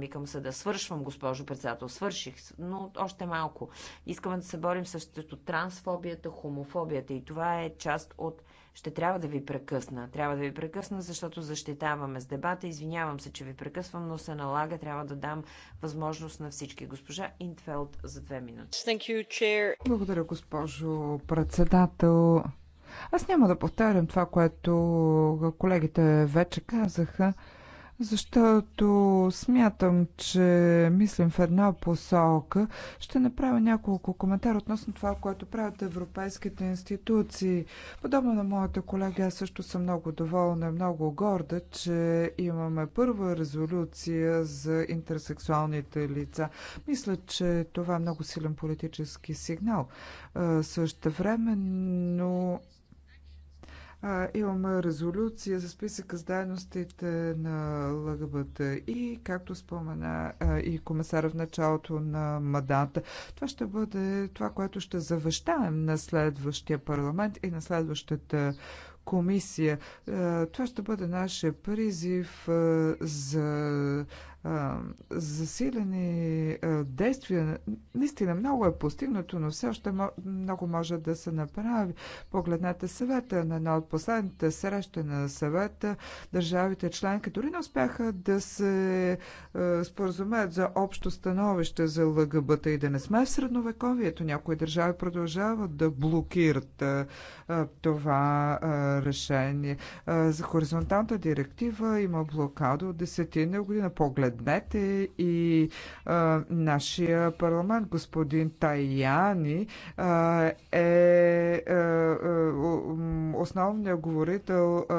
Викам се да свършвам, госпожо председател. Свърших, но още малко. Искаме да се борим с трансфобията, хомофобията и това е част от... Ще трябва да ви прекъсна. Трябва да ви прекъсна, защото защитаваме с дебата. Извинявам се, че ви прекъсвам, но се налага. Трябва да дам възможност на всички. Госпожа Интфелд за две минути. You, Благодаря, госпожо председател. Аз няма да повтарям това, което колегите вече казаха защото смятам, че мислим в една посока. Ще направя няколко коментара относно това, което правят европейските институции. Подобно на моята колега, аз също съм много доволна и много горда, че имаме първа резолюция за интерсексуалните лица. Мисля, че това е много силен политически сигнал. Също време, но а, имаме резолюция за списъка с дайностите на ЛГБТ и, както спомена а, и комисара в началото на мадата, това ще бъде това, което ще завещаем на следващия парламент и на следващата комисия. Това ще бъде нашия призив за засилени действия. Наистина много е постигнато, но все още много може да се направи. Погледнете съвета на една от последните срещи на съвета. Държавите членки дори не успяха да се споразумеят за общо становище за ЛГБТ и да не сме в средновековието. Някои държави продължават да блокират това решение. За хоризонталната директива има блокада от десетина година. Поглед предмет и а, нашия парламент. Господин Таяни а, е а, основният говорител а,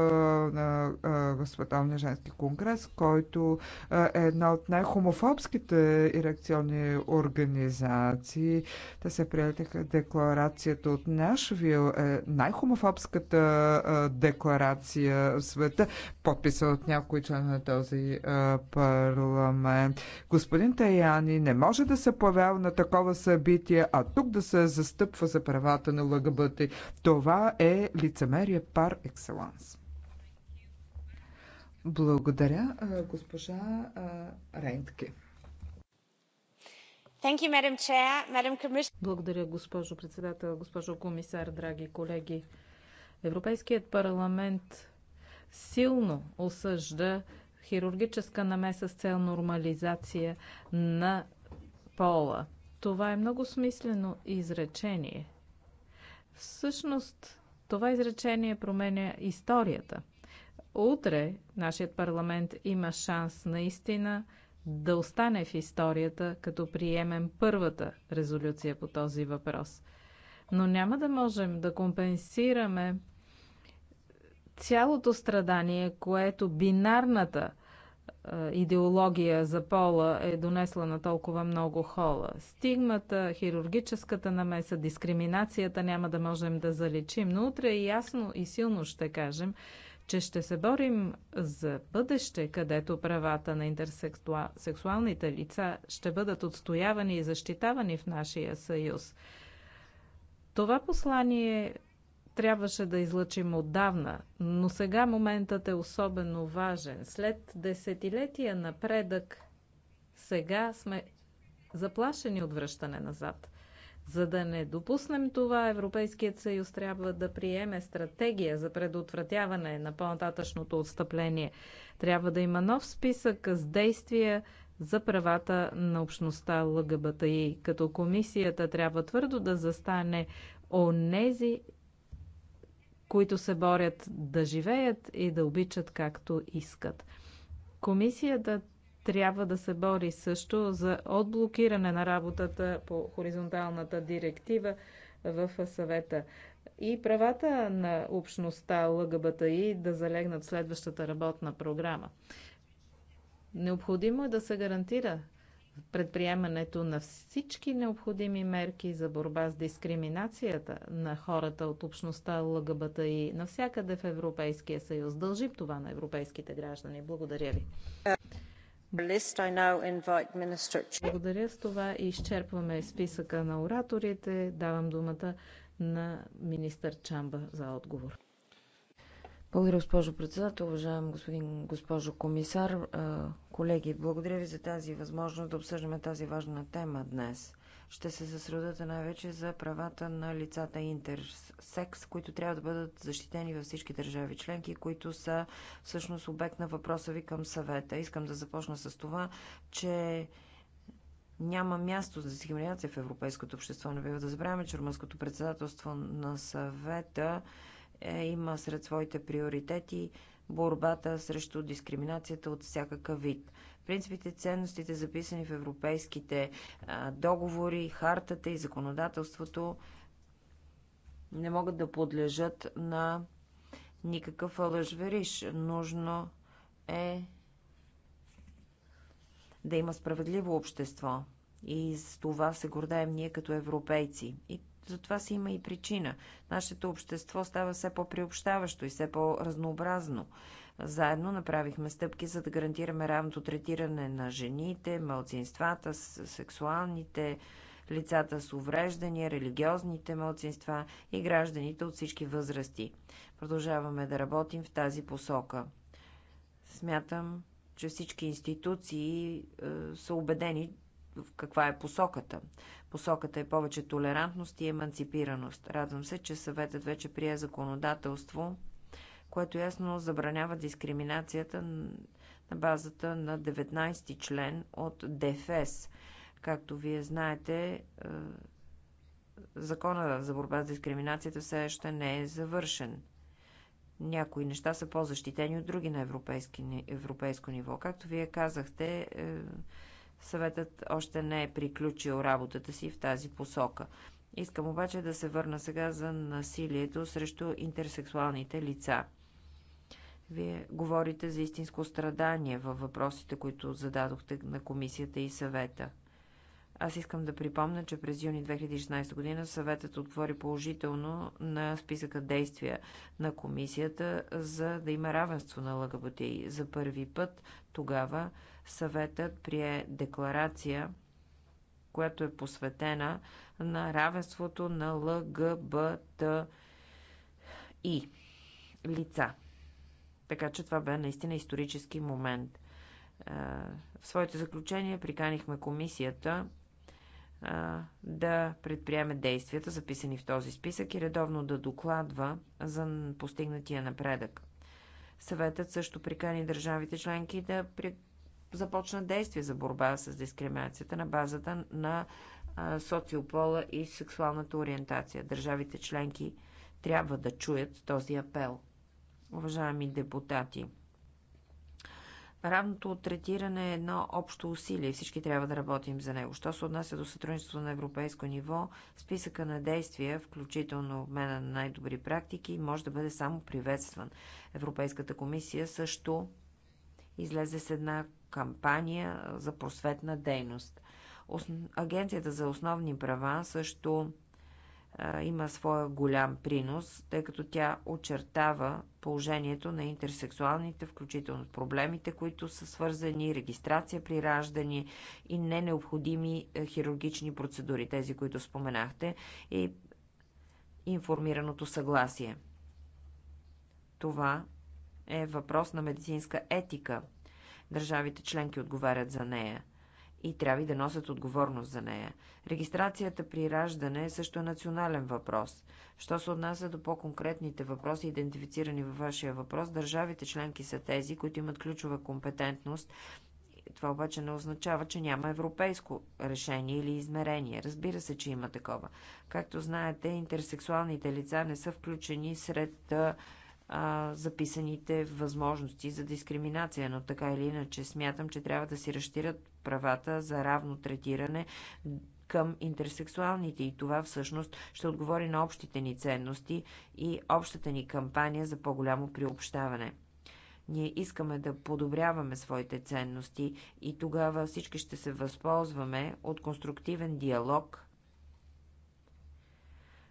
на а, Световния женски конгрес, който е една от най-хомофобските ирекционни организации. Те се приятеха декларацията от Нашвил, е най-хомофобската декларация в света, подписана от някои члена на този парламент парламент. Господин Таяни не може да се появява на такова събитие, а тук да се застъпва за правата на ЛГБТ. Това е лицемерие пар екселанс. Благодаря, госпожа Рейнтке. Благодаря, госпожо председател, госпожо комисар, драги колеги. Европейският парламент силно осъжда хирургическа намеса с цел нормализация на пола. Това е много смислено изречение. Всъщност, това изречение променя историята. Утре нашият парламент има шанс наистина да остане в историята, като приемем първата резолюция по този въпрос. Но няма да можем да компенсираме цялото страдание, което бинарната е, идеология за пола е донесла на толкова много хора. Стигмата, хирургическата намеса, дискриминацията няма да можем да заличим, но утре ясно и силно ще кажем, че ще се борим за бъдеще, където правата на интерсексуалните лица ще бъдат отстоявани и защитавани в нашия съюз. Това послание трябваше да излъчим отдавна, но сега моментът е особено важен. След десетилетия напредък, сега сме заплашени от връщане назад. За да не допуснем това, Европейският съюз трябва да приеме стратегия за предотвратяване на по-нататъчното отстъпление. Трябва да има нов списък с действия за правата на общността ЛГБТИ, като комисията трябва твърдо да застане онези които се борят да живеят и да обичат както искат. Комисията трябва да се бори също за отблокиране на работата по хоризонталната директива в съвета и правата на общността ЛГБТИ да залегнат в следващата работна програма. Необходимо е да се гарантира предприемането на всички необходими мерки за борба с дискриминацията на хората от общността ЛГБТ и навсякъде в Европейския съюз. Дължим това на европейските граждани. Благодаря ви. Благодаря с това и изчерпваме списъка на ораторите. Давам думата на министър Чамба за отговор. Благодаря, госпожо председател, уважаем господин, госпожо комисар. Колеги, благодаря ви за тази възможност да обсъждаме тази важна тема днес. Ще се съсредоточа най-вече за правата на лицата интерсекс, които трябва да бъдат защитени във всички държави членки, които са всъщност обект на въпроса ви към съвета. Искам да започна с това, че няма място за дискриминация в европейското общество. Не бива да забравяме, че румънското председателство на съвета е, има сред своите приоритети борбата срещу дискриминацията от всякакъв вид. Принципите, ценностите, записани в европейските а, договори, хартата и законодателството, не могат да подлежат на никакъв лъжвериш. Нужно е да има справедливо общество. И с това се гордаем ние като европейци. И затова си има и причина. Нашето общество става все по-приобщаващо и все по-разнообразно. Заедно направихме стъпки, за да гарантираме равното третиране на жените, мълцинствата, сексуалните, лицата с увреждания, религиозните мълцинства и гражданите от всички възрасти. Продължаваме да работим в тази посока. Смятам, че всички институции е, са убедени, в каква е посоката. Посоката е повече толерантност и еманципираност. Радвам се, че съветът вече прие законодателство, което ясно забранява дискриминацията на базата на 19 ти член от ДФС. Както вие знаете, е, закона за борба с дискриминацията все още не е завършен. Някои неща са по-защитени от други на европейско ниво. Както вие казахте, е, Съветът още не е приключил работата си в тази посока. Искам обаче да се върна сега за насилието срещу интерсексуалните лица. Вие говорите за истинско страдание във въпросите, които зададохте на комисията и съвета. Аз искам да припомня, че през юни 2016 година съветът отвори положително на списъка действия на комисията за да има равенство на ЛГБТИ. За първи път тогава съветът прие декларация, която е посветена на равенството на ЛГБТИ лица. Така че това бе наистина исторически момент. Е, в своите заключения приканихме комисията е, да предприеме действията, записани в този списък и редовно да докладва за постигнатия напредък. Съветът също прикани държавите членки да започна действие за борба с дискриминацията на базата на социопола и сексуалната ориентация. Държавите членки трябва да чуят този апел. Уважаеми депутати, Равното третиране е едно общо усилие. Всички трябва да работим за него. Що се отнася до сътрудничество на европейско ниво, списъка на действия, включително обмена на най-добри практики, може да бъде само приветстван. Европейската комисия също излезе с една кампания за просветна дейност. Агенцията за основни права също има своя голям принос, тъй като тя очертава положението на интерсексуалните, включително проблемите, които са свързани, регистрация при раждане и ненеобходими е, хирургични процедури, тези, които споменахте, и информираното съгласие. Това е въпрос на медицинска етика – Държавите членки отговарят за нея и трябва да носят отговорност за нея. Регистрацията при раждане е също е национален въпрос. Що се отнася до по-конкретните въпроси, идентифицирани във вашия въпрос, държавите членки са тези, които имат ключова компетентност. Това обаче не означава, че няма европейско решение или измерение. Разбира се, че има такова. Както знаете, интерсексуалните лица не са включени сред а, записаните възможности за дискриминация, но така или иначе смятам, че трябва да си разширят правата за равно третиране към интерсексуалните и това всъщност ще отговори на общите ни ценности и общата ни кампания за по-голямо приобщаване. Ние искаме да подобряваме своите ценности и тогава всички ще се възползваме от конструктивен диалог,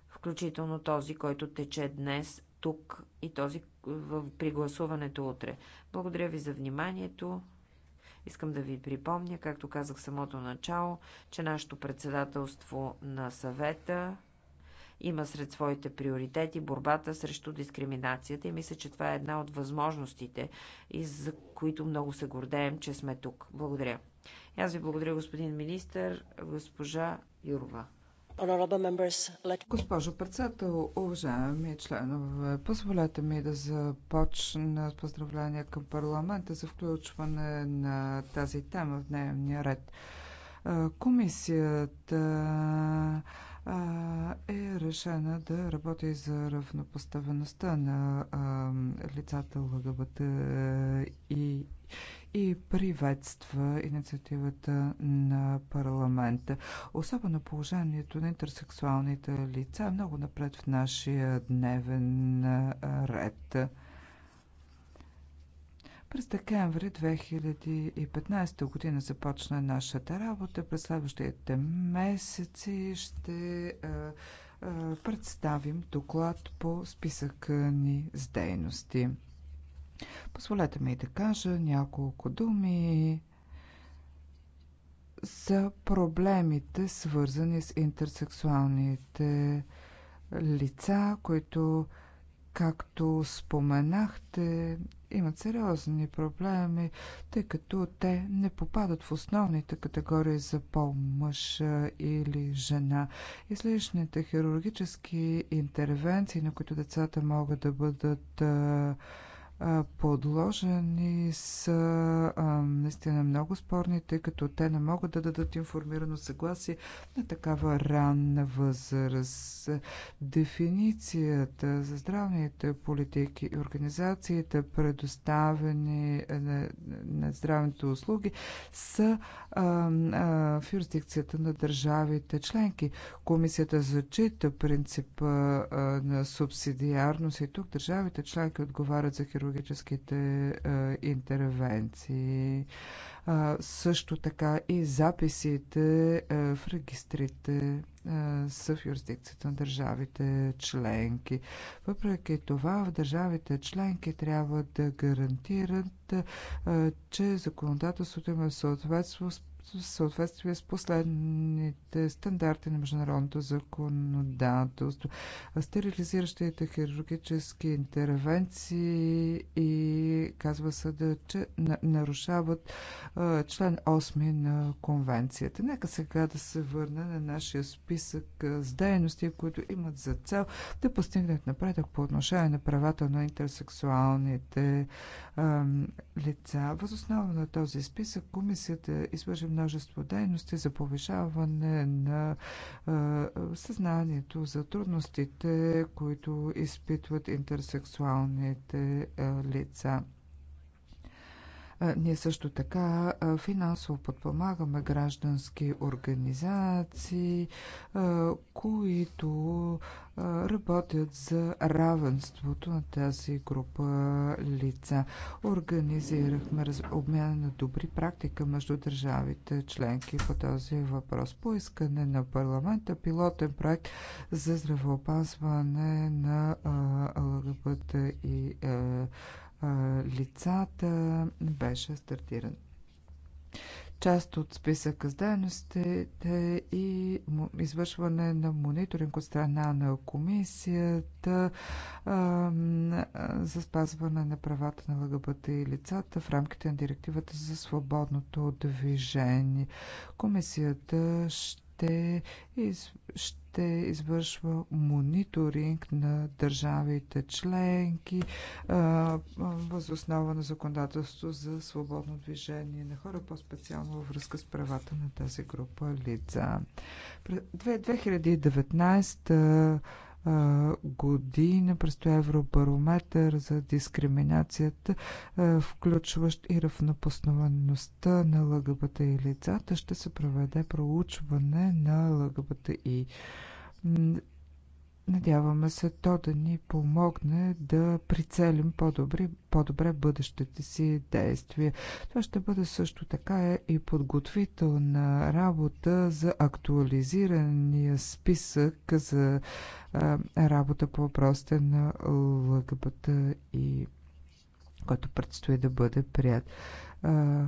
включително този, който тече днес тук и този при гласуването утре. Благодаря ви за вниманието. Искам да ви припомня, както казах самото начало, че нашето председателство на съвета има сред своите приоритети борбата срещу дискриминацията и мисля, че това е една от възможностите, и за които много се гордеем, че сме тук. Благодаря. И аз ви благодаря, господин министър, госпожа Юрова. Госпожо председател, уважаеми членове, позволете ми да започна с поздравления към парламента за включване на тази тема в дневния ред. Комисията е решена да работи за равнопоставеността на лицата ЛГБТ и и приветства инициативата на парламента. Особено положението на интерсексуалните лица е много напред в нашия дневен ред. През декември 2015 година започна нашата работа. През следващите месеци ще а, а, представим доклад по списъка ни с дейности. Позволете ми да кажа няколко думи за проблемите, свързани с интерсексуалните лица, които, както споменахте, имат сериозни проблеми, тъй като те не попадат в основните категории за пол мъж или жена. Излишните хирургически интервенции, на които децата могат да бъдат подложени са а, наистина много спорни, тъй като те не могат да дадат информирано съгласие на такава ранна възраст. Дефиницията за здравните политики и организациите, предоставени на, на здравните услуги, са а, а, в юрисдикцията на държавите членки. Комисията зачита принципа а, на субсидиарност и тук държавите членки отговарят за хирургията хирургическите интервенции, също така и записите в регистрите са в юрисдикцията на държавите членки. Въпреки това, в държавите членки трябва да гарантират, че законодателството има съответство с в съответствие с последните стандарти на международното законодателство. Стерилизиращите хирургически интервенции и казва да, че нарушават член 8 на конвенцията. Нека сега да се върна на нашия списък с дейности, които имат за цел да постигнат напредък по отношение на правата на интерсексуалните лица. Въз основа на този списък комисията извърши множество дейности за повишаване на съзнанието за трудностите, които изпитват интерсексуалните лица. Ние също така финансово подпомагаме граждански организации, които работят за равенството на тази група лица. Организирахме обмяна на добри практика между държавите членки по този въпрос. По искане на парламента пилотен проект за здравеопазване на ЛГБТ и лицата беше стартиран. Част от списъка с дейностите и извършване на мониторинг от страна на комисията за спазване на правата на ЛГБТ и лицата в рамките на директивата за свободното движение. Комисията ще ще, из, ще извършва мониторинг на държавите членки възоснова на законодателство за свободно движение на хора, по-специално във връзка с правата на тази група лица. 2019 година предстои Евробарометър за дискриминацията, включващ и равнопосноваността на ЛГБТ и лицата. Ще се проведе проучване на ЛГБТ и Надяваме се то да ни помогне да прицелим по-добре, по-добре бъдещите си действия. Това ще бъде също така и подготвителна работа за актуализирания списък за а, работа по въпросите на ЛГБТ и който предстои да бъде прият. А,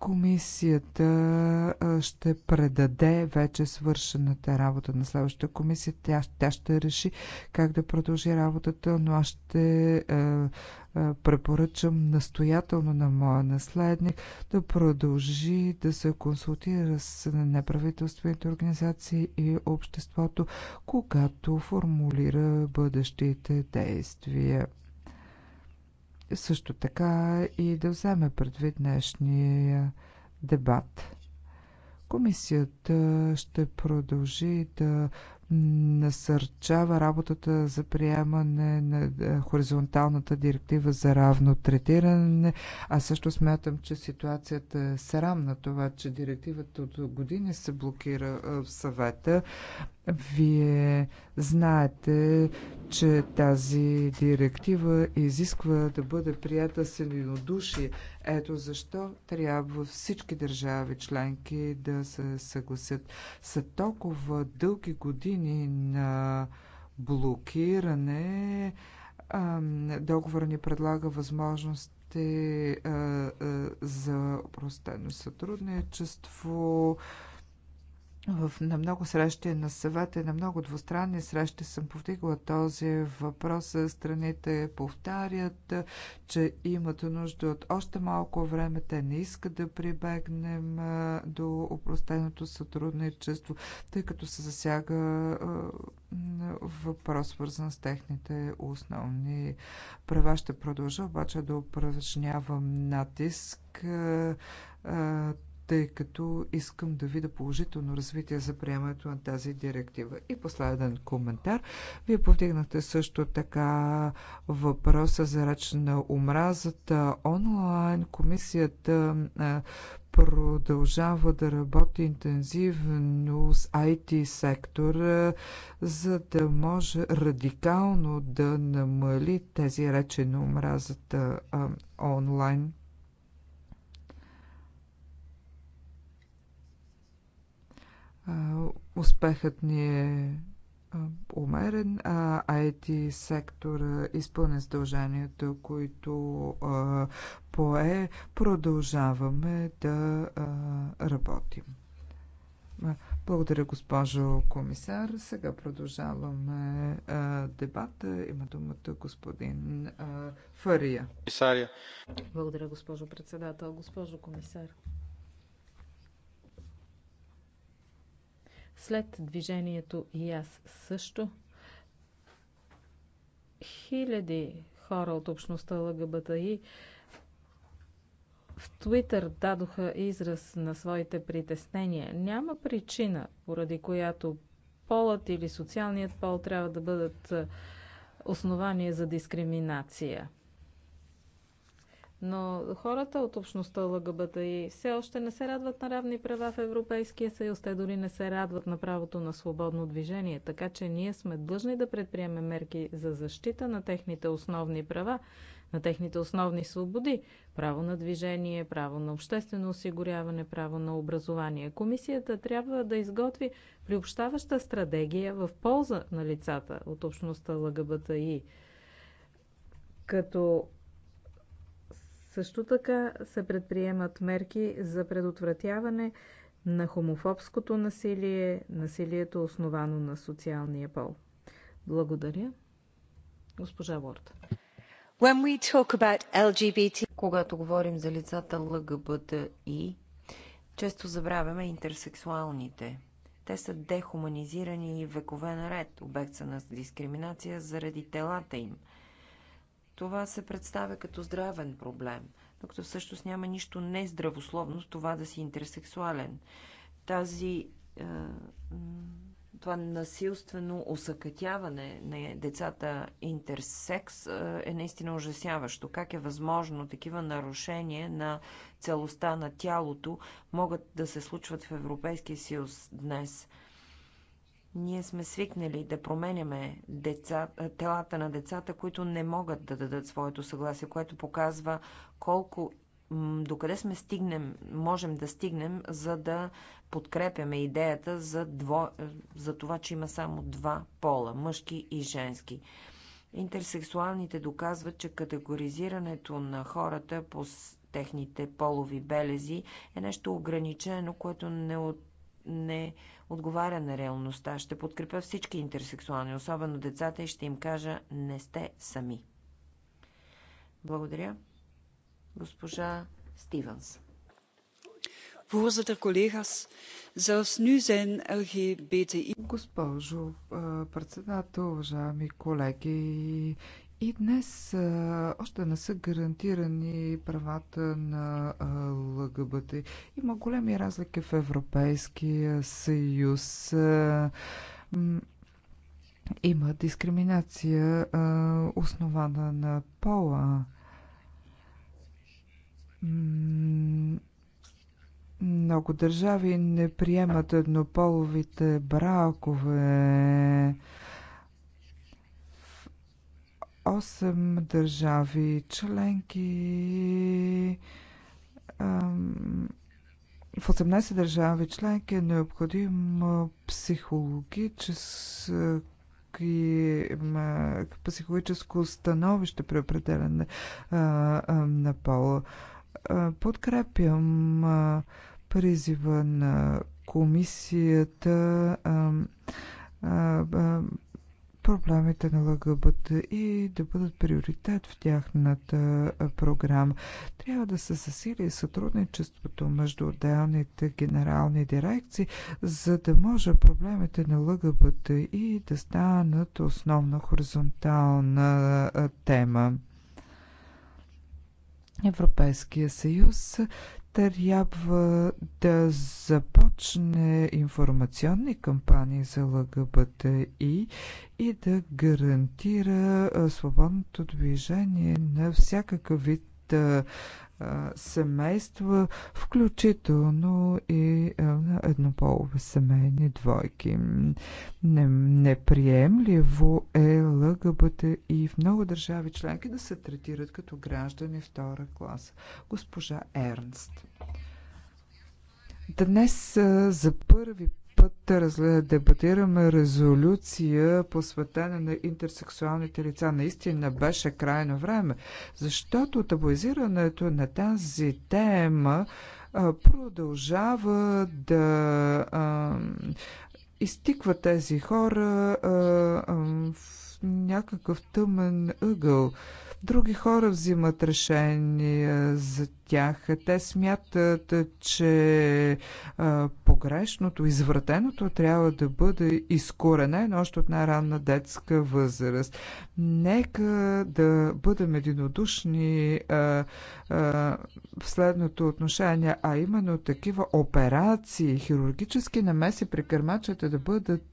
Комисията ще предаде вече свършената работа на следващата комисия. Тя, тя ще реши как да продължи работата, но аз ще е, е, препоръчам настоятелно на моя наследник да продължи да се консултира с неправителствените организации и обществото, когато формулира бъдещите действия също така и да вземе предвид днешния дебат. Комисията ще продължи да насърчава работата за приемане на е, хоризонталната директива за равно третиране. А също смятам, че ситуацията е срамна това, че директивата от години се блокира е, в съвета. Вие знаете, че тази директива изисква да бъде прията с единодушие. Ето защо трябва всички държави членки да се съгласят. Са толкова дълги години на блокиране. Договор ни предлага възможност за простено сътрудничество, в, на много срещи на съвета и на много двустранни срещи съм повдигла този въпрос. Страните повтарят, че имат нужда от още малко време. Те не искат да прибегнем до упростеното сътрудничество, тъй като се засяга въпрос, свързан с техните основни права. Ще продължа обаче да упражнявам натиск тъй като искам да видя положително развитие за приемането на тази директива. И последен коментар. Вие повдигнахте също така въпроса за реч на омразата онлайн. Комисията продължава да работи интензивно с IT сектора, за да може радикално да намали тези речи на омразата онлайн. успехът ни е умерен, а IT сектора изпълня задълженията, които а, пое, продължаваме да а, работим. Благодаря, госпожо комисар. Сега продължаваме а, дебата. Има думата господин а, Фария. Комисария. Благодаря, госпожо председател. Госпожо комисар. след движението и аз също, хиляди хора от общността ЛГБТИ в Твитър дадоха израз на своите притеснения. Няма причина, поради която полът или социалният пол трябва да бъдат основание за дискриминация но хората от общността ЛГБТИ все още не се радват на равни права в Европейския съюз. Те дори не се радват на правото на свободно движение. Така че ние сме длъжни да предприемем мерки за защита на техните основни права, на техните основни свободи право на движение, право на обществено осигуряване, право на образование. Комисията трябва да изготви приобщаваща стратегия в полза на лицата от общността и като също така се предприемат мерки за предотвратяване на хомофобското насилие, насилието основано на социалния пол. Благодаря. Госпожа Ворд. LGBT... Когато говорим за лицата ЛГБТИ, често забравяме интерсексуалните. Те са дехуманизирани и векове наред, обект са на дискриминация заради телата им – това се представя като здравен проблем, докато всъщност няма нищо нездравословно в това да си интерсексуален. Тази е, това насилствено осъкътяване на децата интерсекс е, е наистина ужасяващо. Как е възможно такива нарушения на целостта на тялото могат да се случват в Европейския съюз днес? Ние сме свикнали да променяме деца, телата на децата, които не могат да дадат своето съгласие, което показва колко докъде сме стигнем, можем да стигнем, за да подкрепяме идеята за, дво, за това, че има само два пола мъжки и женски. Интерсексуалните доказват, че категоризирането на хората по техните полови белези е нещо ограничено, което не, от, не отговаря на реалността. Ще подкрепя всички интерсексуални, особено децата, и ще им кажа не сте сами. Благодаря. Госпожа Стивенс. Voorzitter, collega's, zelfs nu zijn LGBTI. Госпожо председател, уважаеми колеги, и днес а, още не са гарантирани правата на ЛГБТ. Има големи разлики в Европейския съюз. А, има дискриминация, а, основана на пола. Много държави не приемат еднополовите бракове. 8 държави членки в 18 държави членки е необходим психологически психологическо становище при определене на пола. Подкрепям призива на комисията проблемите на ЛГБТ и да бъдат приоритет в тяхната програма. Трябва да се засили сътрудничеството между отделните генерални дирекции, за да може проблемите на ЛГБТ и да станат основна хоризонтална тема. Европейския съюз трябва да започне информационни кампании за ЛГБТИ и да гарантира свободното движение на всякакъв вид семейства, включително и на еднополови семейни двойки. неприемливо е ЛГБТ и в много държави членки да се третират като граждани втора класа. Госпожа Ернст. Днес за първи път дебатираме резолюция посветена на интерсексуалните лица. Наистина беше крайно време, защото табуизирането на тази тема продължава да изтиква тези хора в някакъв тъмен ъгъл. Други хора взимат решения за тях. Те смятат, че погрешното, извратеното трябва да бъде изкоренено още от най-ранна детска възраст. Нека да бъдем единодушни в следното отношение, а именно такива операции, хирургически намеси при кърмачата да бъдат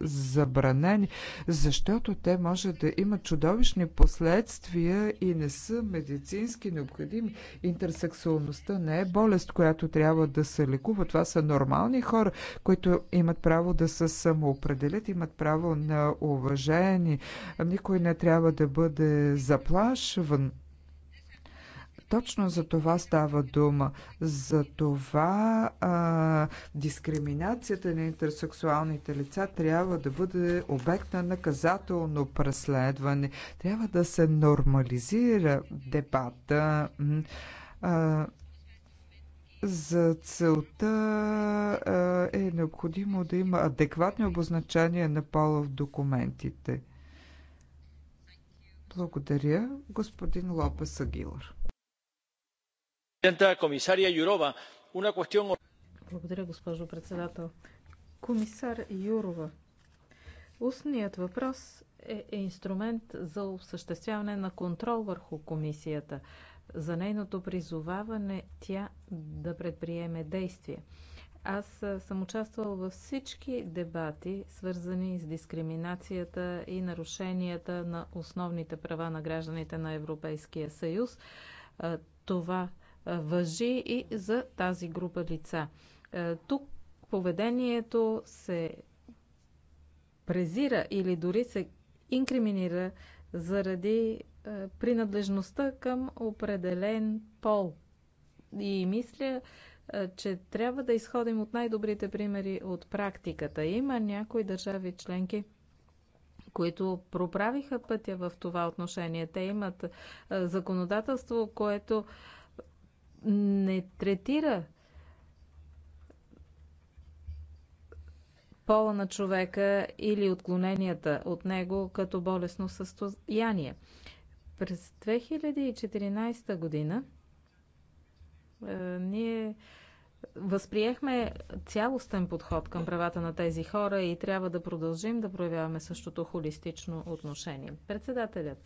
забранени, защото те може да имат чудовищни последствия и не са медицински необходими. Интер хиперсексуалността не е болест, която трябва да се лекува. Това са нормални хора, които имат право да се самоопределят, имат право на уважение. Никой не трябва да бъде заплашван. Точно за това става дума. За това а, дискриминацията на интерсексуалните лица трябва да бъде обект на наказателно преследване. Трябва да се нормализира дебата. За целта е необходимо да има адекватни обозначения на пола в документите. Благодаря, господин Лопес Агилър. Благодаря, госпожо председател. Комисар Юрова, устният въпрос е инструмент за осъществяване на контрол върху комисията – за нейното призоваване тя да предприеме действия. Аз съм участвал във всички дебати, свързани с дискриминацията и нарушенията на основните права на гражданите на Европейския съюз. Това въжи и за тази група лица. Тук поведението се презира или дори се инкриминира заради е, принадлежността към определен пол. И мисля, е, че трябва да изходим от най-добрите примери от практиката. Има някои държави членки, които проправиха пътя в това отношение. Те имат е, законодателство, което не третира пола на човека или отклоненията от него като болесно състояние. През 2014 година е, ние възприехме цялостен подход към правата на тези хора и трябва да продължим да проявяваме същото холистично отношение. Председателят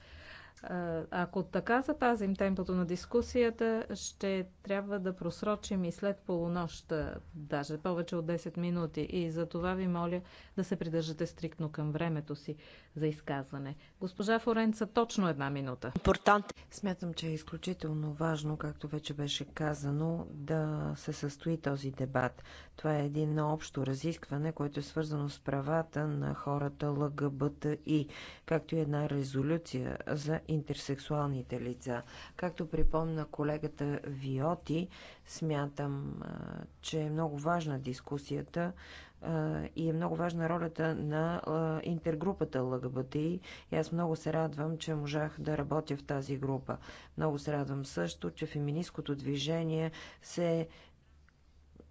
ако така запазим темпото на дискусията, ще трябва да просрочим и след полунощ, даже повече от 10 минути. И за това ви моля да се придържате стриктно към времето си за изказване. Госпожа Форенца, точно една минута. Смятам, че е изключително важно, както вече беше казано, да се състои този дебат. Това е един общо разискване, което е свързано с правата на хората ЛГБТИ, както и една резолюция за интерсексуалните лица. Както припомна колегата Виоти, смятам, че е много важна дискусията и е много важна ролята на интергрупата ЛГБТИ. И аз много се радвам, че можах да работя в тази група. Много се радвам също, че феминистското движение се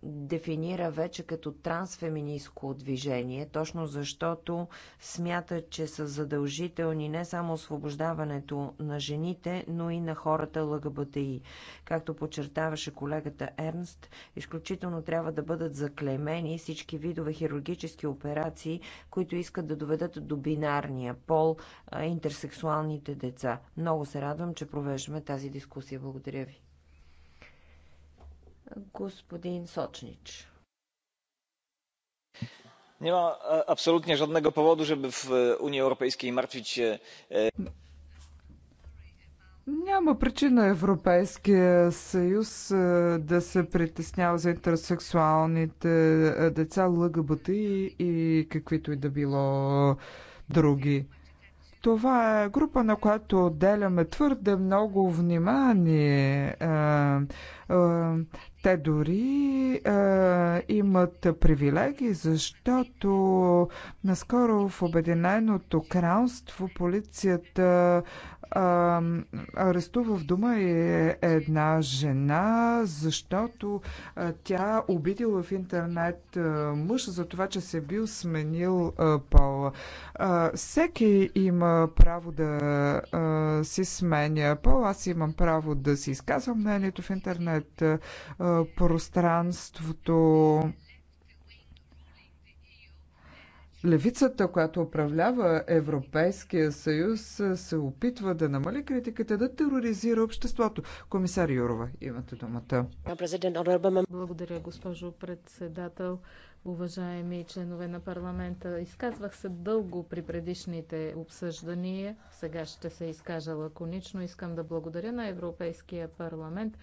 дефинира вече като трансфеминистко движение, точно защото смята, че са задължителни не само освобождаването на жените, но и на хората ЛГБТИ. Както подчертаваше колегата Ернст, изключително трябва да бъдат заклемени всички видове хирургически операции, които искат да доведат до бинарния пол интерсексуалните деца. Много се радвам, че провеждаме тази дискусия. Благодаря ви господин Сочнич. Nie ma e, absolutnie żadnego powodu, żeby w e, Unii Europejskiej martwić się. E, Няма причина Европейския съюз е, да се притеснява за интерсексуалните е, деца, ЛГБТ и, и каквито и да било други. Това е група, на която отделяме твърде много внимание. Е, е, те дори е, имат привилегии, защото наскоро в Обединеното кралство полицията а, арестува в дома е една жена, защото а, тя обидила в интернет а, мъж за това, че се бил сменил пола. всеки има право да а, си сменя пол. Аз имам право да си изказвам мнението в интернет а, пространството Левицата, която управлява Европейския съюз, се опитва да намали критиката, да тероризира обществото. Комисар Юрова, имате думата. Благодаря, госпожо председател. Уважаеми членове на парламента, изказвах се дълго при предишните обсъждания. Сега ще се изкажа лаконично. Искам да благодаря на Европейския парламент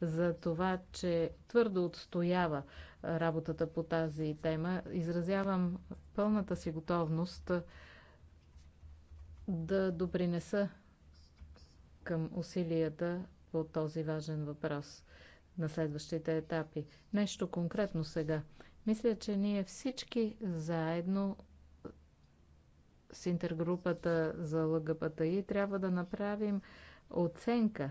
за това, че твърдо отстоява работата по тази тема. Изразявам пълната си готовност да допринеса към усилията по този важен въпрос на следващите етапи. Нещо конкретно сега. Мисля, че ние всички заедно с интергрупата за ЛГБТИ трябва да направим оценка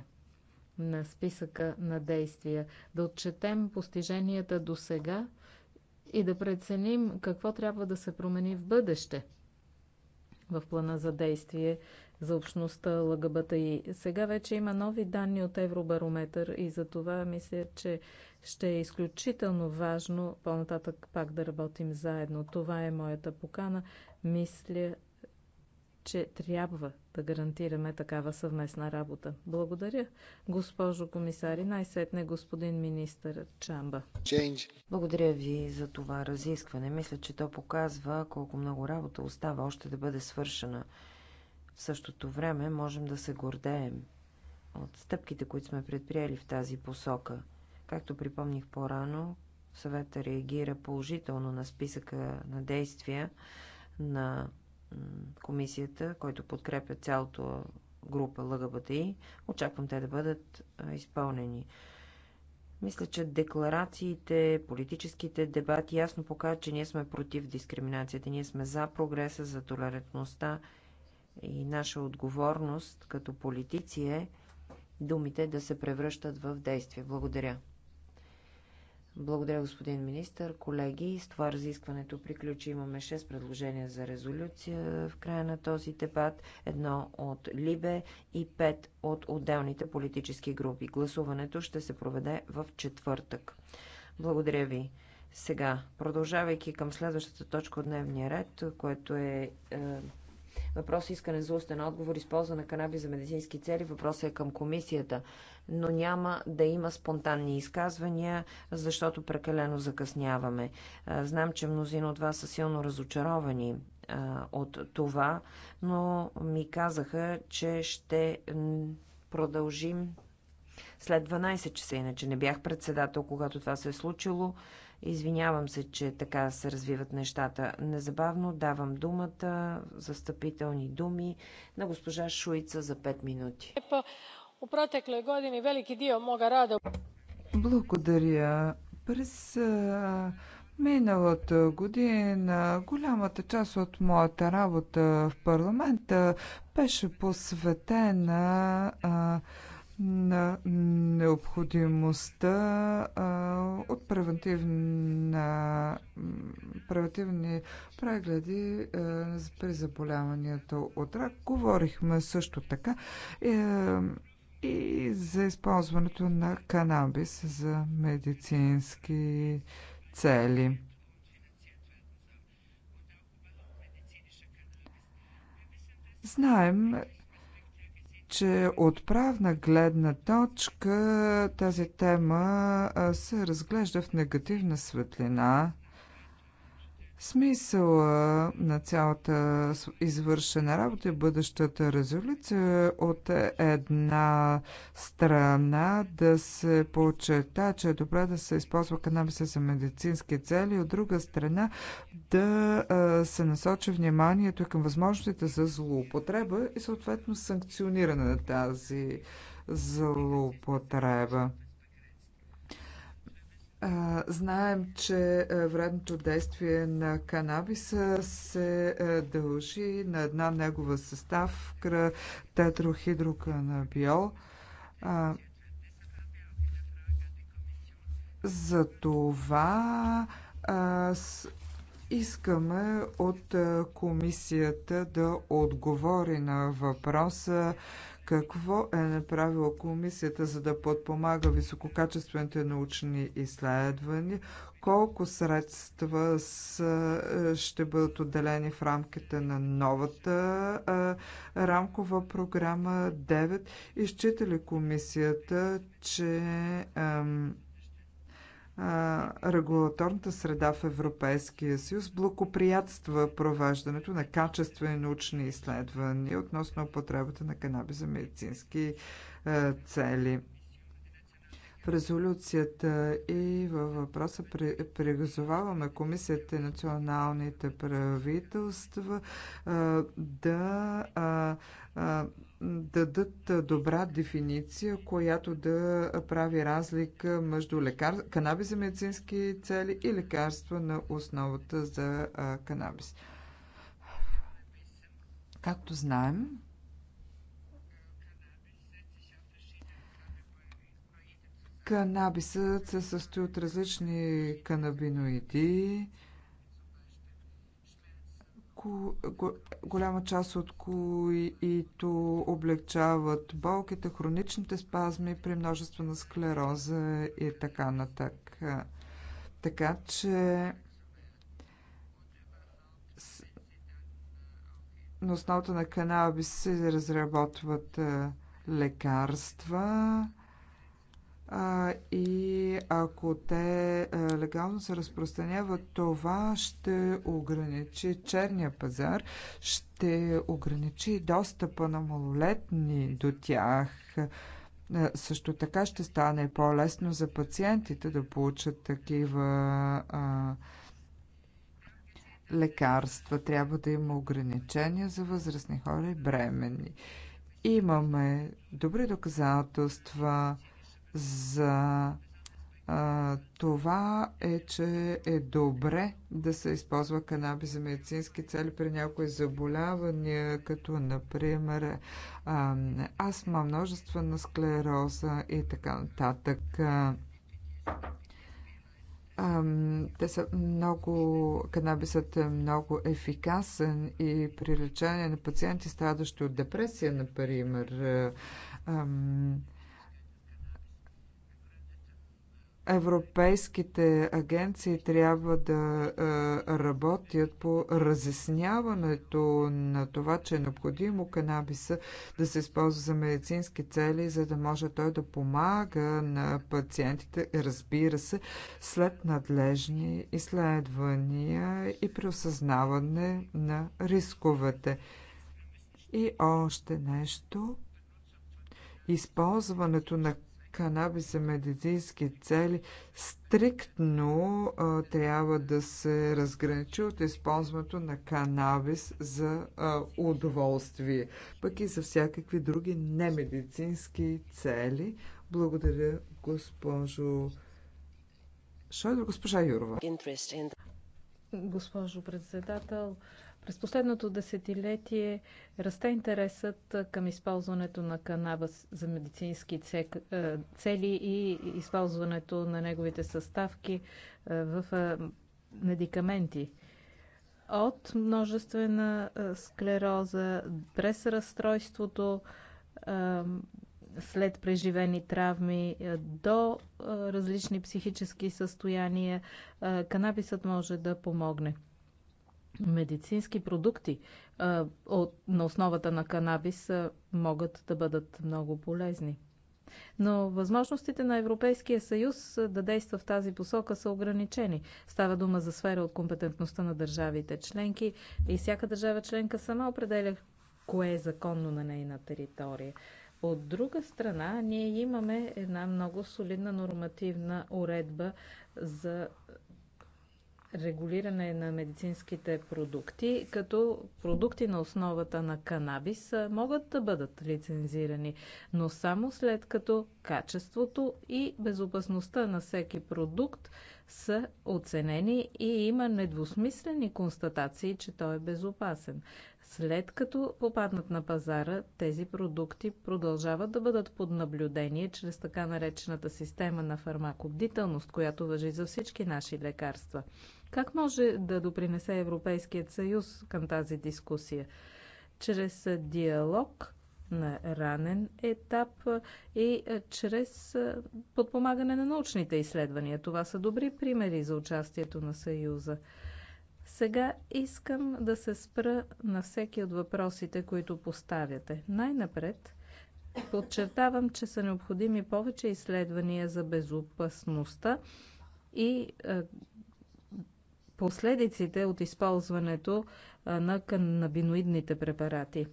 на списъка на действия, да отчетем постиженията до сега – и да преценим какво трябва да се промени в бъдеще в плана за действие за общността и. Сега вече има нови данни от Евробарометър и за това мисля, че ще е изключително важно по-нататък пак да работим заедно. Това е моята покана. Мисля, че трябва да гарантираме такава съвместна работа. Благодаря, госпожо комисари, най-сетне господин министър Чамба. Change. Благодаря ви за това разискване. Мисля, че то показва колко много работа остава още да бъде свършена. В същото време можем да се гордеем от стъпките, които сме предприели в тази посока. Както припомних по-рано, съвета реагира положително на списъка на действия на комисията, който подкрепя цялото група ЛГБТИ. Очаквам те да бъдат изпълнени. Мисля, че декларациите, политическите дебати ясно показват, че ние сме против дискриминацията. Ние сме за прогреса, за толерантността и наша отговорност като политици е думите да се превръщат в действие. Благодаря. Благодаря, господин министр. Колеги, с това разискването приключи. Имаме 6 предложения за резолюция в края на този дебат. Едно от Либе и 5 от отделните политически групи. Гласуването ще се проведе в четвъртък. Благодаря ви. Сега, продължавайки към следващата точка от дневния ред, което е, е Въпрос е искане за устен отговор, използване на канаби за медицински цели. Въпросът е към комисията. Но няма да има спонтанни изказвания, защото прекалено закъсняваме. Знам, че мнозина от вас са силно разочаровани от това, но ми казаха, че ще продължим след 12 часа, иначе не бях председател, когато това се е случило. Извинявам се, че така се развиват нещата. Незабавно давам думата, застъпителни думи на госпожа Шуица за 5 минути. Благодаря. През Миналата година голямата част от моята работа в парламента беше посветена а, на необходимостта а, от превентивна, превентивни прегледи а, при заболяванията от рак. Говорихме също така а, е, и за използването на канабис за медицински цели. Знаем, че от правна гледна точка тази тема се разглежда в негативна светлина Смисъла на цялата извършена работа и бъдещата резолюция е от една страна да се почета, че е добре да се използва канабиса за медицински цели, от друга страна да се насочи вниманието към възможностите за злоупотреба и съответно санкциониране на тази злоупотреба. Знаем, че вредното действие на канабиса се дължи на една негова съставка тетрохидроканабиол. За това искаме от комисията да отговори на въпроса какво е направила комисията, за да подпомага висококачествените научни изследвания? Колко средства са, е, ще бъдат отделени в рамките на новата а, е, рамкова програма 9? Изчита ли комисията, че ам, регулаторната среда в Европейския съюз благоприятства провеждането на качествени научни изследвания относно употребата на канаби за медицински цели. В резолюцията и във въпроса призоваваме комисията и националните правителства да дадат добра дефиниция, която да прави разлика между лекар... канабис за медицински цели и лекарства на основата за канабис. Както знаем, канабисът се състои от различни канабиноиди, голяма част от които облегчават болките, хроничните спазми при множество на склероза и така натък. Така че на основата на канабис се разработват лекарства, а, и ако те а, легално се разпространяват, това ще ограничи черния пазар, ще ограничи достъпа на малолетни до тях. А, също така ще стане по-лесно за пациентите да получат такива а, лекарства. Трябва да има ограничения за възрастни хора и бремени. Имаме добри доказателства за а, това е, че е добре да се използва канаби за медицински цели при някои заболявания, като например а, астма, на склероза и така нататък. Те са много, канабисът е много ефикасен и при лечение на пациенти, страдащи от депресия, например, ам, Европейските агенции трябва да е, работят по разясняването на това, че е необходимо канабиса да се използва за медицински цели, за да може той да помага на пациентите, разбира се, след надлежни изследвания и при осъзнаване на рисковете. И още нещо използването на канабис за медицински цели стриктно а, трябва да се разграничи от използването на канабис за а, удоволствие, пък и за всякакви други немедицински цели. Благодаря, госпожо Шойдро, госпожа Юрова. Госпожо председател, през последното десетилетие расте интересът към използването на канаба за медицински цели и използването на неговите съставки в медикаменти. От множествена склероза през разстройството след преживени травми до различни психически състояния, канабисът може да помогне медицински продукти а, от, на основата на канабис а, могат да бъдат много полезни. Но възможностите на Европейския съюз да действа в тази посока са ограничени. Става дума за сфера от компетентността на държавите членки и всяка държава членка сама определя кое е законно на нейна територия. От друга страна, ние имаме една много солидна нормативна уредба за регулиране на медицинските продукти, като продукти на основата на канабис могат да бъдат лицензирани, но само след като качеството и безопасността на всеки продукт са оценени и има недвусмислени констатации, че той е безопасен. След като попаднат на пазара, тези продукти продължават да бъдат под наблюдение чрез така наречената система на фармакобдителност, която въжи за всички наши лекарства. Как може да допринесе Европейският съюз към тази дискусия? Чрез диалог на ранен етап и чрез подпомагане на научните изследвания. Това са добри примери за участието на Съюза. Сега искам да се спра на всеки от въпросите, които поставяте. Най-напред подчертавам, че са необходими повече изследвания за безопасността и е, последиците от използването на канабиноидните препарати.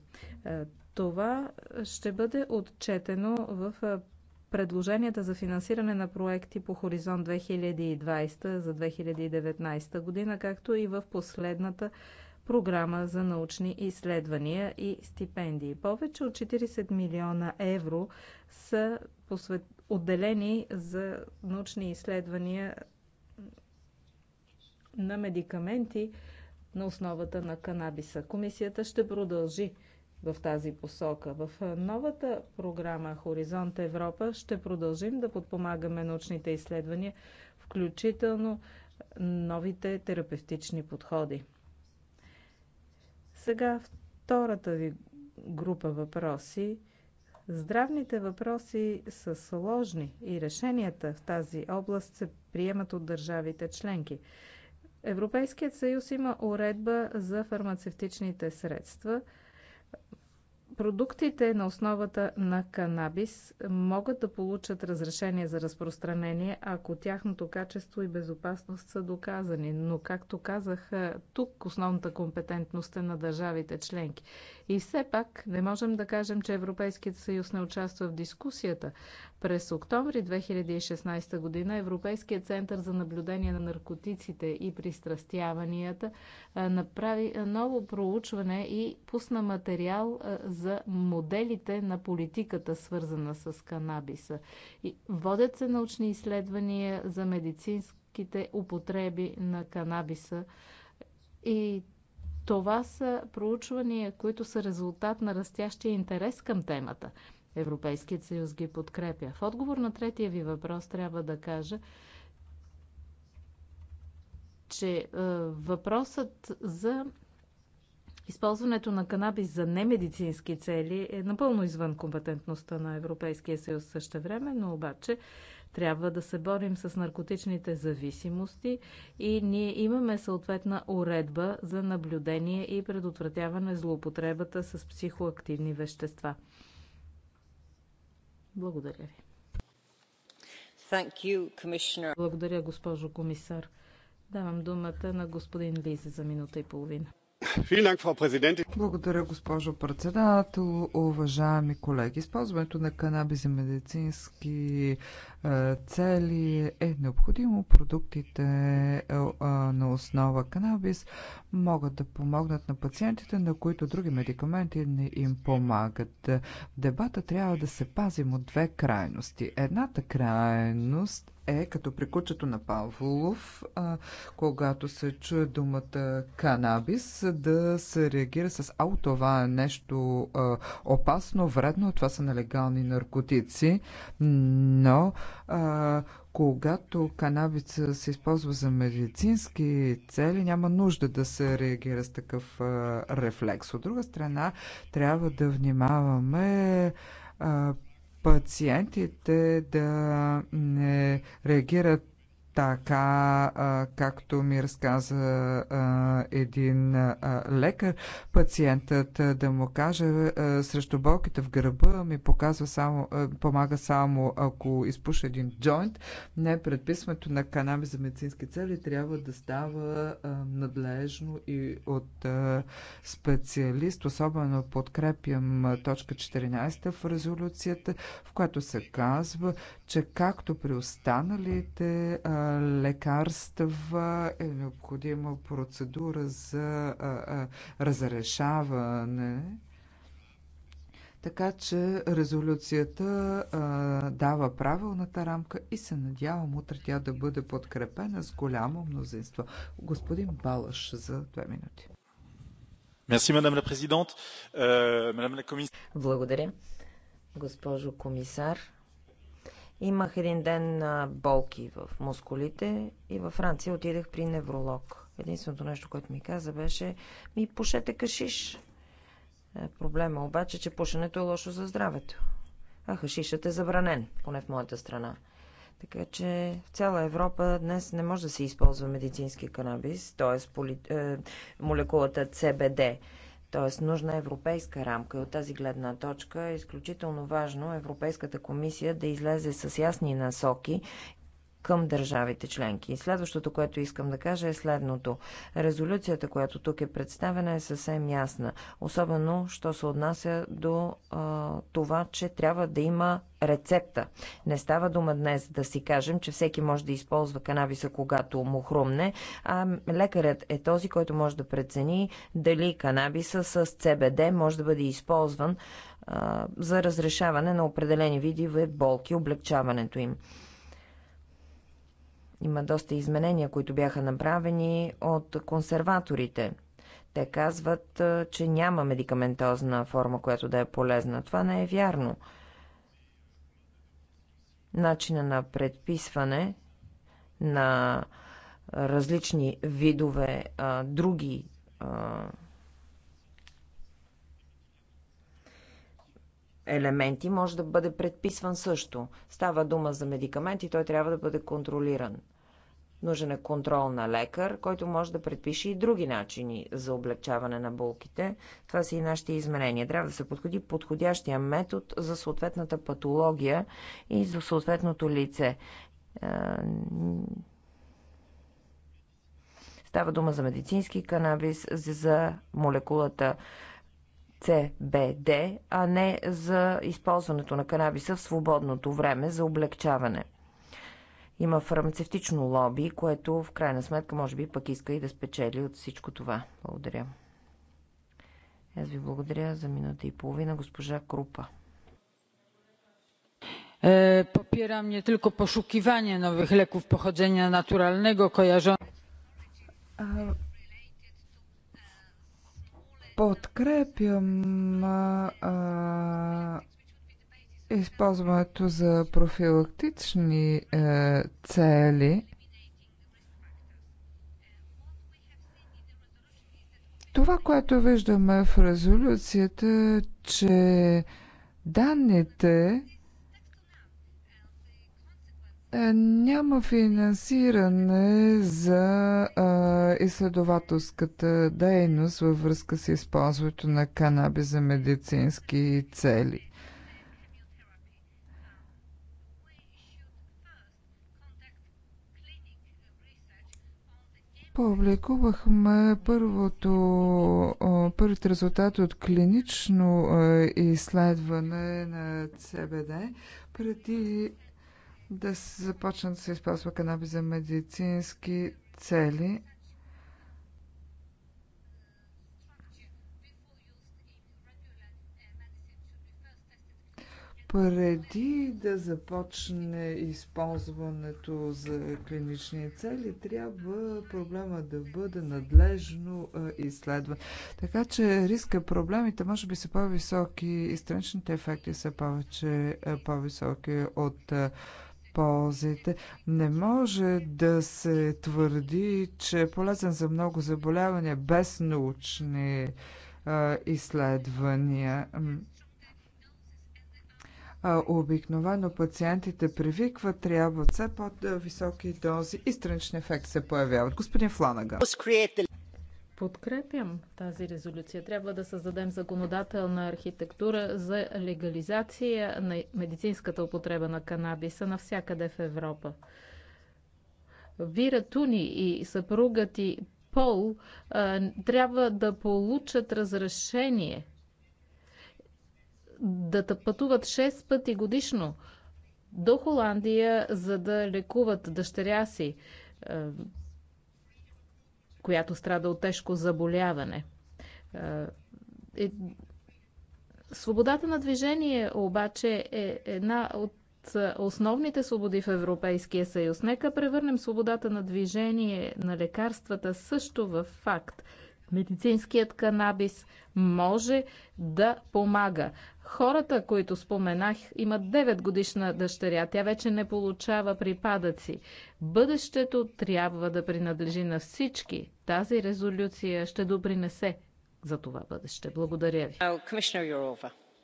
Това ще бъде отчетено в предложенията за финансиране на проекти по Хоризонт 2020 за 2019 година, както и в последната програма за научни изследвания и стипендии. Повече от 40 милиона евро са посвет... отделени за научни изследвания на медикаменти на основата на канабиса. Комисията ще продължи в тази посока. В новата програма Хоризонт Европа ще продължим да подпомагаме научните изследвания, включително новите терапевтични подходи. Сега втората ви група въпроси. Здравните въпроси са сложни и решенията в тази област се приемат от държавите членки. Европейският съюз има уредба за фармацевтичните средства, Продуктите на основата на канабис могат да получат разрешение за разпространение, ако тяхното качество и безопасност са доказани. Но, както казах, тук основната компетентност е на държавите членки. И все пак не можем да кажем, че Европейският съюз не участва в дискусията. През октомври 2016 година Европейският център за наблюдение на наркотиците и пристрастяванията направи ново проучване и пусна материал за за моделите на политиката, свързана с канабиса. И водят се научни изследвания за медицинските употреби на канабиса и това са проучвания, които са резултат на растящия интерес към темата. Европейският съюз ги подкрепя. В отговор на третия ви въпрос трябва да кажа, че е, въпросът за Използването на канабис за немедицински цели е напълно извън компетентността на Европейския съюз също време, но обаче трябва да се борим с наркотичните зависимости и ние имаме съответна уредба за наблюдение и предотвратяване злоупотребата с психоактивни вещества. Благодаря ви. You, Благодаря, госпожо комисар. Давам думата на господин Лизе за минута и половина. Благодаря, госпожо председател. Уважаеми колеги, използването на канаби за медицински е, цели е необходимо. Продуктите е, е, на основа канабис могат да помогнат на пациентите, на които други медикаменти не им помагат. дебата трябва да се пазим от две крайности. Едната крайност е като при кучето на Павлов, а, когато се чуе думата канабис, да се реагира с «Ау, това е нещо а, опасно, вредно, това са нелегални наркотици», но а, когато канабица се използва за медицински цели, няма нужда да се реагира с такъв а, рефлекс. От друга страна, трябва да внимаваме а, пациентите да не реагират така, както ми разказа един лекар, пациентът да му каже срещу болките в гърба ми показва само, помага само ако изпуша един джойнт. Не, предписването на канаби за медицински цели трябва да става надлежно и от специалист. Особено подкрепям точка 14 в резолюцията, в която се казва, че както при останалите а, лекарства е необходима процедура за разрешаване. Така че резолюцията а, дава правилната рамка и се надявам утре тя да бъде подкрепена с голямо мнозинство. Господин Балаш за две минути. Мерси, мадам la президент. Е, Благодаря. Госпожо комисар, Имах един ден на болки в мускулите и във Франция отидах при невролог. Единственото нещо, което ми каза беше, ми пушете кашиш. Е, проблема е обаче, че пушенето е лошо за здравето. А хашишът е забранен, поне в моята страна. Така че в цяла Европа днес не може да се използва медицински канабис, т.е. Поли... Е, молекулата CBD. Тоест, нужна европейска рамка. И от тази гледна точка е изключително важно Европейската комисия да излезе с ясни насоки към държавите членки. И следващото, което искам да кажа е следното. Резолюцията, която тук е представена, е съвсем ясна. Особено, що се отнася до а, това, че трябва да има рецепта. Не става дума днес да си кажем, че всеки може да използва канабиса, когато му хрумне, а лекарят е този, който може да прецени дали канабиса с ЦБД може да бъде използван а, за разрешаване на определени видове болки, облегчаването им. Има доста изменения, които бяха направени от консерваторите. Те казват, че няма медикаментозна форма, която да е полезна. Това не е вярно. Начина на предписване на различни видове а, други а, елементи може да бъде предписван също. Става дума за медикамент и той трябва да бъде контролиран. Нужен е контрол на лекар, който може да предпише и други начини за облегчаване на болките. Това са и нашите изменения. Трябва да се подходи подходящия метод за съответната патология и за съответното лице. Е, става дума за медицински канабис, за молекулата CBD, а не за използването на канабиса в свободното време за облегчаване. Има фармацевтично лоби, което в крайна сметка може би пък иска и да спечели от всичко това. Благодаря. Аз ви благодаря за минута и половина, госпожа Крупа. Popieram е, только tylko нових nowych leków pochodzenia натурального, кояжа. Подкрепям а, използването за профилактични е, цели. Това, което виждаме в резолюцията, е, че данните е, няма финансиране за а, е, изследователската дейност във връзка с използването на канаби за медицински цели. Публикувахме първото, първият резултат от клинично изследване на ЦБД преди да се започне да се използва канаби за медицински цели Преди да започне използването за клинични цели, трябва проблема да бъде надлежно изследван. Така че риска, е проблемите може би са по-високи и страничните ефекти са повече, по-високи от ползите. Не може да се твърди, че е полезен за много заболявания без научни изследвания обикновено пациентите привикват, трябва все по-високи дози и странични ефекти се появяват. Господин Фланага. Подкрепям тази резолюция. Трябва да създадем законодателна архитектура за легализация на медицинската употреба на канабиса навсякъде в Европа. Вира Туни и съпругът и Пол трябва да получат разрешение да пътуват 6 пъти годишно до Холандия, за да лекуват дъщеря си, е, която страда от тежко заболяване. Е, е, свободата на движение обаче е една от основните свободи в Европейския съюз. Нека превърнем свободата на движение на лекарствата също в факт медицинският канабис може да помага. Хората, които споменах, имат 9 годишна дъщеря. Тя вече не получава припадъци. Бъдещето трябва да принадлежи на всички. Тази резолюция ще допринесе за това бъдеще. Благодаря ви.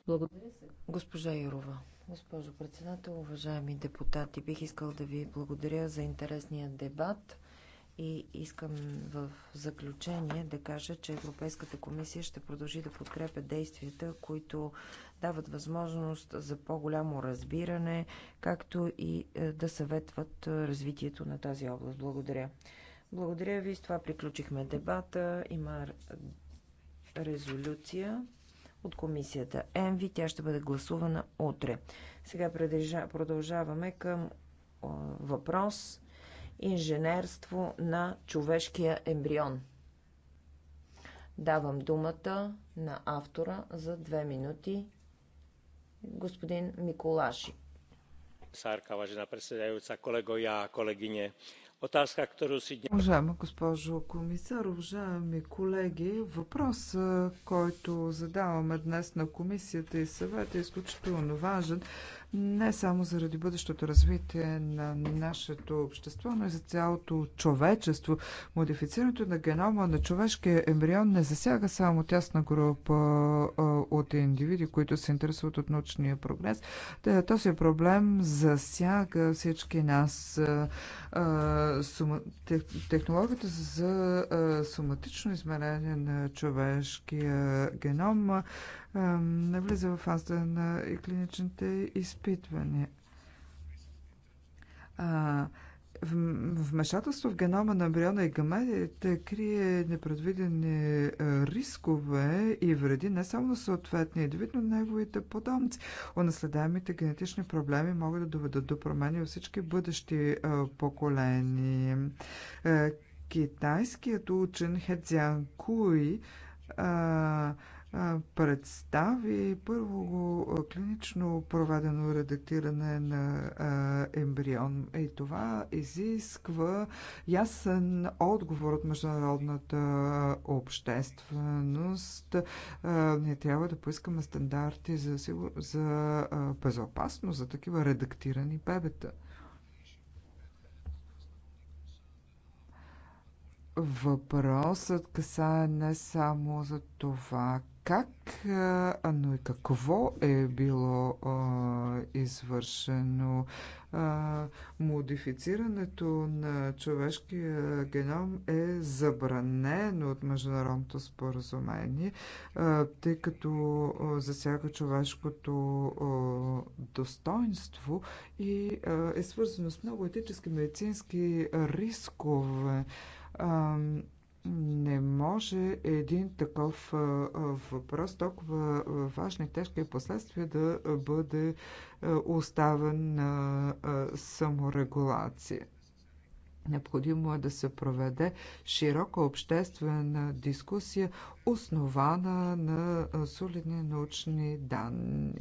Благодаря се. Госпожа Юрова. Госпожо председател, уважаеми депутати, бих искал да ви благодаря за интересния дебат. И искам в заключение да кажа, че Европейската комисия ще продължи да подкрепя действията, които дават възможност за по-голямо разбиране, както и е, да съветват е, развитието на тази област. Благодаря. Благодаря ви. С това приключихме дебата. Има резолюция от комисията ЕМВИ. Тя ще бъде гласувана утре. Сега продължаваме към е, въпрос инженерство на човешкия ембрион. Давам думата на автора за две минути, господин Миколаши. Сарка, важна председателка, я, колегине, Отázka, като си... Уважаема госпожо комисар, уважаеми колеги, въпрос, който задаваме днес на комисията и съвета е изключително важен, не само заради бъдещото развитие на нашето общество, но и за цялото човечество. Модифицирането на генома на човешкия ембрион не засяга само тясна група от индивиди, които се интересуват от научния прогрес. Този проблем засяга всички нас. Технологията за соматично измерение на човешкия геном навлиза в фаза на клиничните изпитвания. Вмешателство в генома на ембриона и гаметите крие непредвидени рискове и вреди не само на съответния индивид, но неговите подобници. Унаследяемите генетични проблеми могат да доведат до промени във всички бъдещи поколения. Китайският учен Хедзян Куи представи първо клинично проведено редактиране на ембрион. И това изисква ясен отговор от международната общественост. Ние трябва да поискаме стандарти за, за безопасност за такива редактирани бебета. Въпросът касае не само за това как, но и какво е било а, извършено. А, модифицирането на човешкия геном е забранено от международното споразумение, а, тъй като засяга човешкото а, достоинство и а, е свързано с много етически медицински рискове. А, не може един такъв въпрос, толкова важни и тежки последствия, да бъде оставен на саморегулация. Необходимо е да се проведе широка обществена дискусия, основана на солидни научни данни.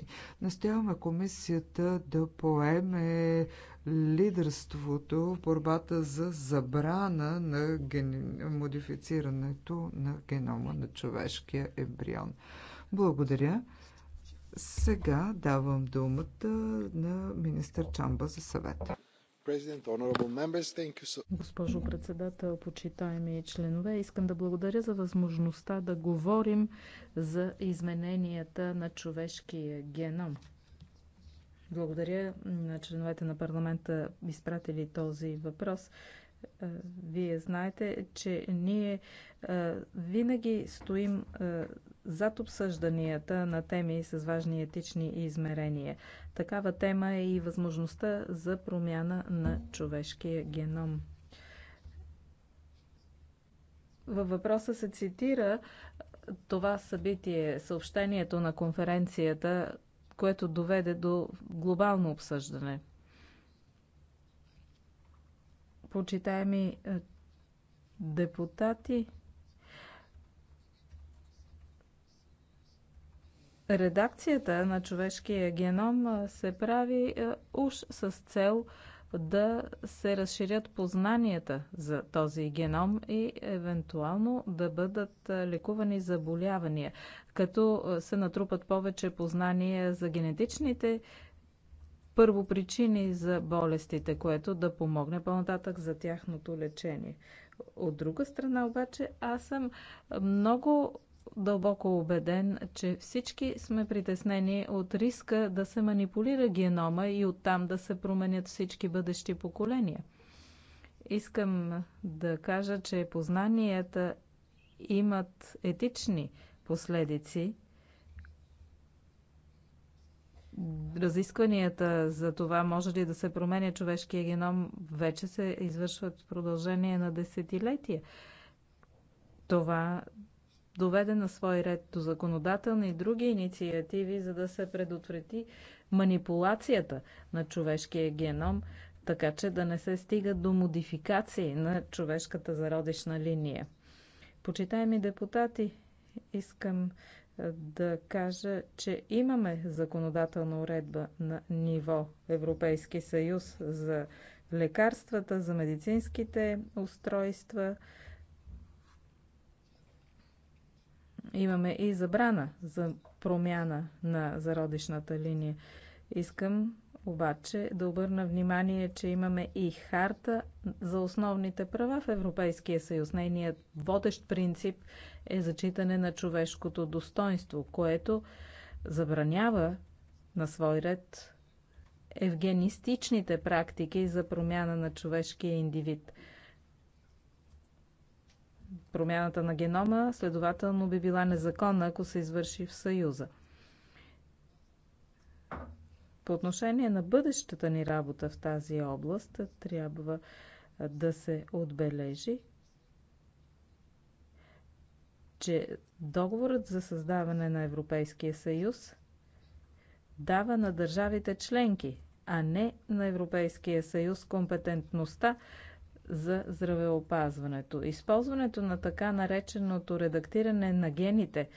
Настояваме комисията да поеме лидерството в борбата за забрана на ген... модифицирането на генома на човешкия ембрион. Благодаря. Сега давам думата на министър Чамба за съвета. Госпожо председател, почитаеми членове, искам да благодаря за възможността да говорим за измененията на човешкия геном. Благодаря на членовете на парламента, изпратили този въпрос. Е, вие знаете, че ние е, винаги стоим е, зад обсъжданията на теми с важни етични измерения. Такава тема е и възможността за промяна на човешкия геном. Във въпроса се цитира това събитие, съобщението на конференцията, което доведе до глобално обсъждане почитаеми е, депутати, редакцията на човешкия геном е, се прави е, уж с цел да се разширят познанията за този геном и евентуално да бъдат лекувани заболявания, като се натрупат повече познания за генетичните първопричини за болестите, което да помогне по-нататък за тяхното лечение. От друга страна обаче аз съм много дълбоко убеден, че всички сме притеснени от риска да се манипулира генома и оттам да се променят всички бъдещи поколения. Искам да кажа, че познанията имат етични последици – Разискванията за това може ли да се променя човешкия геном вече се извършват в продължение на десетилетия. Това доведе на свой ред до законодателни и други инициативи, за да се предотврати манипулацията на човешкия геном, така че да не се стига до модификации на човешката зародишна линия. Почитаеми депутати, искам да кажа, че имаме законодателна уредба на ниво Европейски съюз за лекарствата, за медицинските устройства. Имаме и забрана за промяна на зародишната линия. Искам обаче да обърна внимание, че имаме и харта за основните права в Европейския съюз. Нейният водещ принцип е зачитане на човешкото достоинство, което забранява на свой ред евгенистичните практики за промяна на човешкия индивид. Промяната на генома следователно би била незаконна, ако се извърши в Съюза. По отношение на бъдещата ни работа в тази област, трябва да се отбележи, че договорът за създаване на Европейския съюз дава на държавите членки, а не на Европейския съюз компетентността за здравеопазването. Използването на така нареченото редактиране на гените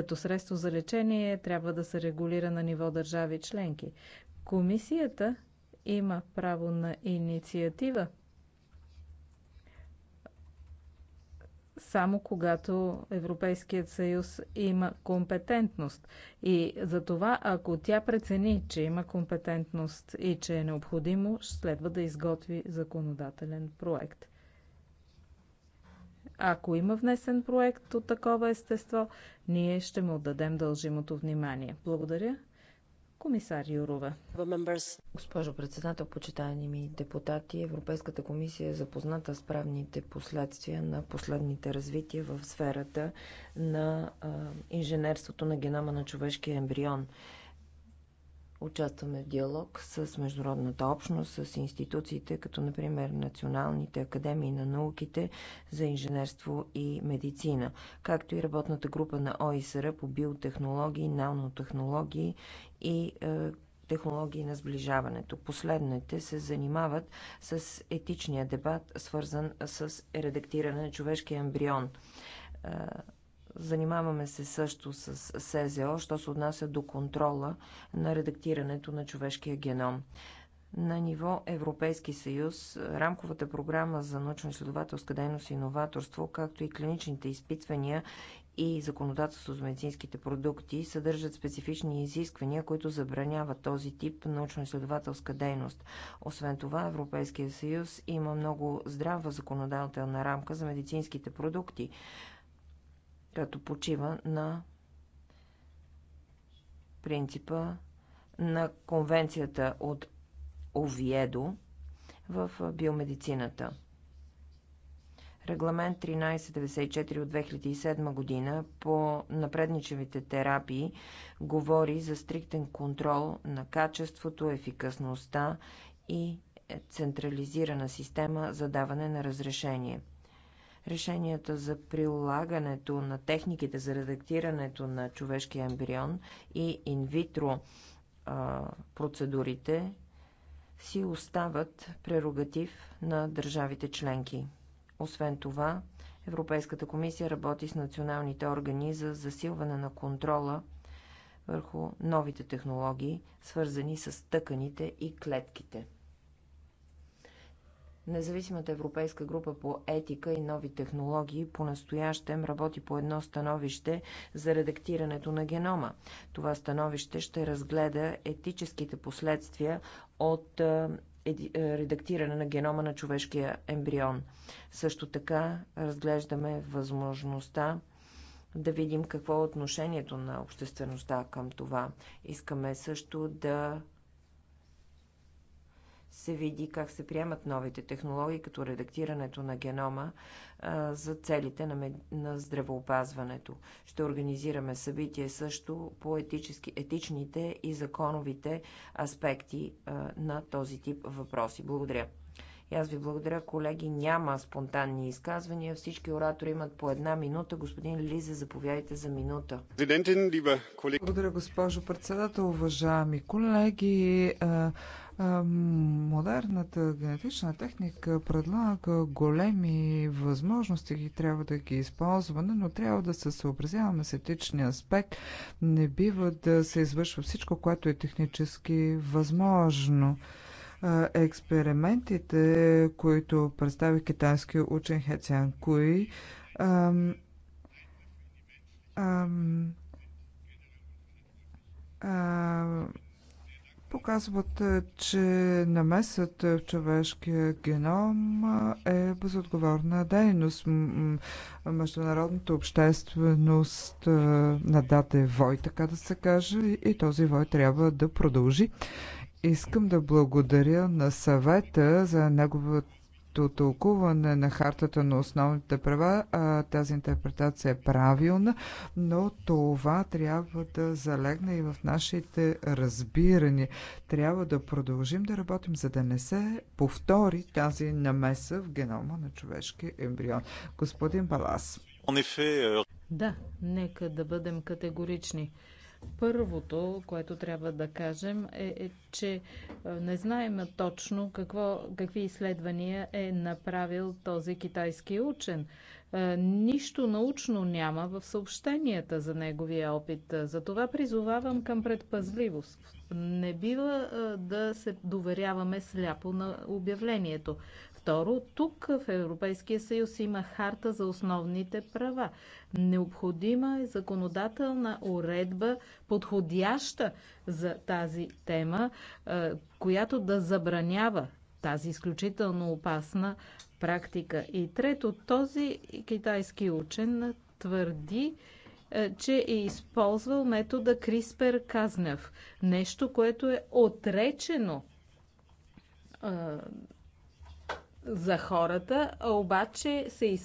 като средство за лечение трябва да се регулира на ниво държави членки. Комисията има право на инициатива само когато Европейският съюз има компетентност. И за това, ако тя прецени, че има компетентност и че е необходимо, следва да изготви законодателен проект. Ако има внесен проект от такова естество, ние ще му отдадем дължимото внимание. Благодаря. Комисар Юрова. Госпожо председател, почитаеми депутати, Европейската комисия е запозната с правните последствия на последните развития в сферата на инженерството на генома на човешкия ембрион. Участваме в диалог с международната общност, с институциите, като например Националните академии на науките за инженерство и медицина, както и работната група на ОИСР по биотехнологии, нанотехнологии и е, технологии на сближаването. Последните се занимават с етичния дебат, свързан с редактиране на човешкия ембрион е, Занимаваме се също с СЗО, що се отнася до контрола на редактирането на човешкия геном. На ниво Европейски съюз рамковата програма за научно-изследователска дейност и новаторство, както и клиничните изпитвания и законодателство за медицинските продукти съдържат специфични изисквания, които забраняват този тип научно-изследователска дейност. Освен това, Европейския съюз има много здрава законодателна рамка за медицинските продукти, която почива на принципа на конвенцията от Овиедо в биомедицината. Регламент 1394 от 2007 година по напредничевите терапии говори за стриктен контрол на качеството, ефикасността и е, централизирана система за даване на разрешение – решенията за прилагането на техниките за редактирането на човешкия ембрион и инвитро процедурите си остават прерогатив на държавите членки. Освен това, Европейската комисия работи с националните органи за засилване на контрола върху новите технологии, свързани с тъканите и клетките. Независимата европейска група по етика и нови технологии по-настоящем работи по едно становище за редактирането на генома. Това становище ще разгледа етическите последствия от редактиране на генома на човешкия ембрион. Също така разглеждаме възможността да видим какво е отношението на обществеността към това. Искаме също да се види как се приемат новите технологии, като редактирането на генома а, за целите на, мед... на здравеопазването. Ще организираме събитие също по етически, етичните и законовите аспекти а, на този тип въпроси. Благодаря. И аз ви благодаря, колеги. Няма спонтанни изказвания. Всички оратори имат по една минута. Господин Лизе, заповядайте за минута. Благодаря, госпожо председател. Уважаеми колеги, Модерната генетична техника предлага големи възможности и трябва да ги използваме, но трябва да се съобразяваме с етичния аспект. Не бива да се извършва всичко, което е технически възможно експериментите, които представи китайски учен Хецян Куи, ам, ам, показват, че намесата в човешкия геном е безотговорна дейност. Международната общественост на дата е вой, така да се каже, и този вой трябва да продължи. Искам да благодаря на съвета за неговото тълкуване на хартата на основните права. А, тази интерпретация е правилна, но това трябва да залегне и в нашите разбирания. Трябва да продължим да работим, за да не се повтори тази намеса в генома на човешки ембрион. Господин Балас. Е, да, нека да бъдем категорични. Първото, което трябва да кажем е, е че е, не знаем точно какво, какви изследвания е направил този китайски учен. Е, нищо научно няма в съобщенията за неговия опит. Затова призовавам към предпазливост. Не бива е, да се доверяваме сляпо на обявлението. Второ, тук в Европейския съюз има харта за основните права. Необходима е законодателна уредба, подходяща за тази тема, е, която да забранява тази изключително опасна практика. И трето, този китайски учен твърди, е, че е използвал метода Криспер казнев Нещо, което е отречено е, за хората, обаче се използва